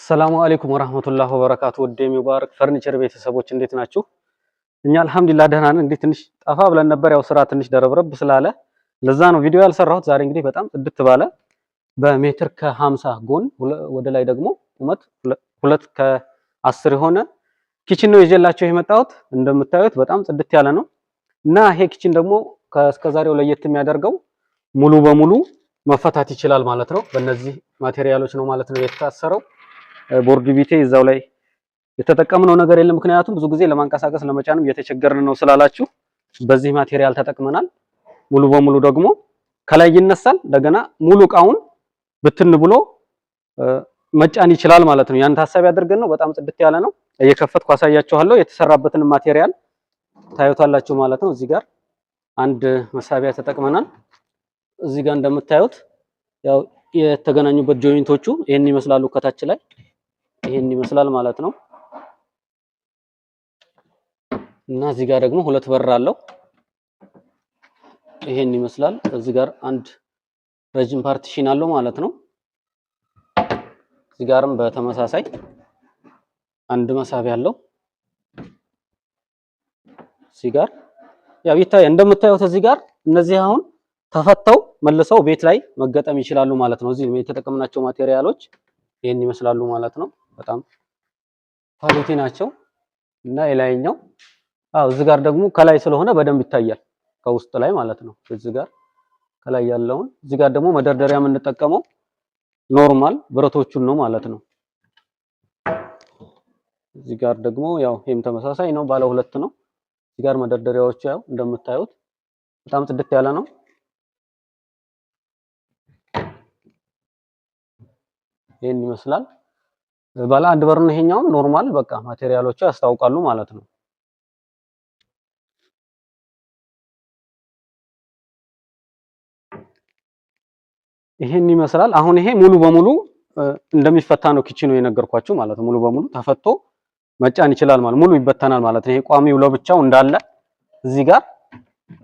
አሰላሙ አለይኩም ወራህመቱላሂ ወበረካቱ። ወደ የሚባረክ ፈርኒቸር ቤተሰቦች እንዴት ናችሁ? እኛ አልሐምዱሊላህ ደህና ነን። እንዴት ትንሽ ጠፋ ብለን ነበር፣ ያው ስራ ትንሽ ደረብረብ ስላለ ለዛ ነው ቪዲዮ ያልሰራሁት። ዛሬ እንግዲህ በጣም ጽድት ባለ በሜትር ከሀምሳ ጎን ወደ ላይ ደግሞ ቁመት ሁለት ከአስር የሆነ ኪችን ነው ይዤላችሁ የመጣሁት። እንደምታዩት በጣም ጽድት ያለ ነው እና ይሄ ኪችን ደግሞ ከእስከዛሬው ለየት የሚያደርገው ሙሉ በሙሉ መፈታት ይችላል ማለት ነው። በእነዚህ ማቴሪያሎች ነው ማለት ነው የተታሰረው። ቦርድ ቢቴ እዛው ላይ የተጠቀምነው ነገር የለም። ምክንያቱም ብዙ ጊዜ ለማንቀሳቀስ ለመጫንም እየተቸገርን ነው ስላላችሁ በዚህ ማቴሪያል ተጠቅመናል። ሙሉ በሙሉ ደግሞ ከላይ ይነሳል። እንደገና ሙሉ እቃውን ብትን ብሎ መጫን ይችላል ማለት ነው። ያን ታሳቢ አድርገን ነው። በጣም ጽድት ያለ ነው። እየከፈትኩ አሳያችኋለሁ። የተሰራበትን ማቴሪያል ታዩታላችሁ ማለት ነው። እዚህ ጋር አንድ መሳቢያ ተጠቅመናል። እዚህ ጋር እንደምታዩት ያው የተገናኙበት ጆይንቶቹ ይሄን ይመስላሉ። ከታች ላይ ይሄን ይመስላል ማለት ነው። እና እዚህ ጋር ደግሞ ሁለት በር አለው። ይሄን ይመስላል። እዚህ ጋር አንድ ረጅም ፓርቲሽን አለው ማለት ነው። እዚህ ጋርም በተመሳሳይ አንድ መሳቢያ አለው። እዚህ ጋር ያው ይታያል እንደምታዩት እዚህ ጋር እነዚህ አሁን ተፈተው መልሰው ቤት ላይ መገጠም ይችላሉ ማለት ነው። እዚህ የተጠቀምናቸው ማቴሪያሎች ይህን ይመስላሉ ማለት ነው። በጣም ኳሊቲ ናቸው እና የላይኛው አዎ፣ እዚህ ጋር ደግሞ ከላይ ስለሆነ በደንብ ይታያል ከውስጥ ላይ ማለት ነው። እዚህ ጋር ከላይ ያለውን እዚህ ጋር ደግሞ መደርደሪያ የምንጠቀመው ኖርማል ብረቶቹን ነው ማለት ነው። እዚህ ጋር ደግሞ ያው ይሄም ተመሳሳይ ነው፣ ባለ ሁለት ነው። እዚህ ጋር መደርደሪያዎቹ ያው እንደምታዩት በጣም ጽድት ያለ ነው። ይህን ይመስላል። ባለ አንድ በር ነው ይሄኛውም። ኖርማል በቃ ማቴሪያሎቹ ያስታውቃሉ ማለት ነው። ይሄን ይመስላል። አሁን ይሄ ሙሉ በሙሉ እንደሚፈታ ነው ኪቺኑ የነገርኳችሁ ማለት ነው። ሙሉ በሙሉ ተፈቶ መጫን ይችላል ማለት ሙሉ ይበተናል ማለት ነው። ይሄ ቋሚው ለብቻው እንዳለ እዚህ ጋር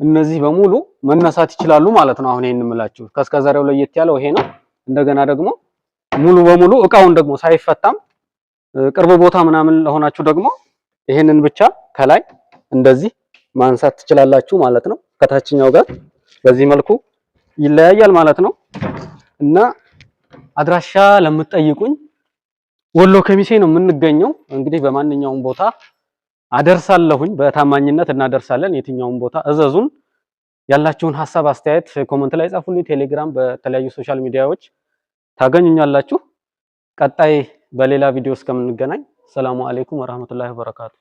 እነዚህ በሙሉ መነሳት ይችላሉ ማለት ነው። አሁን ይሄን እንምላችሁ ከእስከ ዛሬው ለየት ያለው ይሄ ነው። እንደገና ደግሞ ሙሉ በሙሉ እቃውን ደግሞ ሳይፈታም ቅርብ ቦታ ምናምን ለሆናችሁ ደግሞ ይሄንን ብቻ ከላይ እንደዚህ ማንሳት ትችላላችሁ ማለት ነው። ከታችኛው ጋር በዚህ መልኩ ይለያያል ማለት ነው እና አድራሻ ለምትጠይቁኝ ወሎ ከሚሴ ነው የምንገኘው። እንግዲህ በማንኛውም ቦታ አደርሳለሁኝ፣ በታማኝነት እናደርሳለን። የትኛውም ቦታ እዘዙን። ያላችሁን ሀሳብ አስተያየት ኮመንት ላይ ጻፉልኝ። ቴሌግራም፣ በተለያዩ ሶሻል ሚዲያዎች ታገኙኛላችሁ። ቀጣይ በሌላ ቪዲዮ እስከምንገናኝ ሰላሙ አሌይኩም ወራህመቱላሂ ወበረካቱ።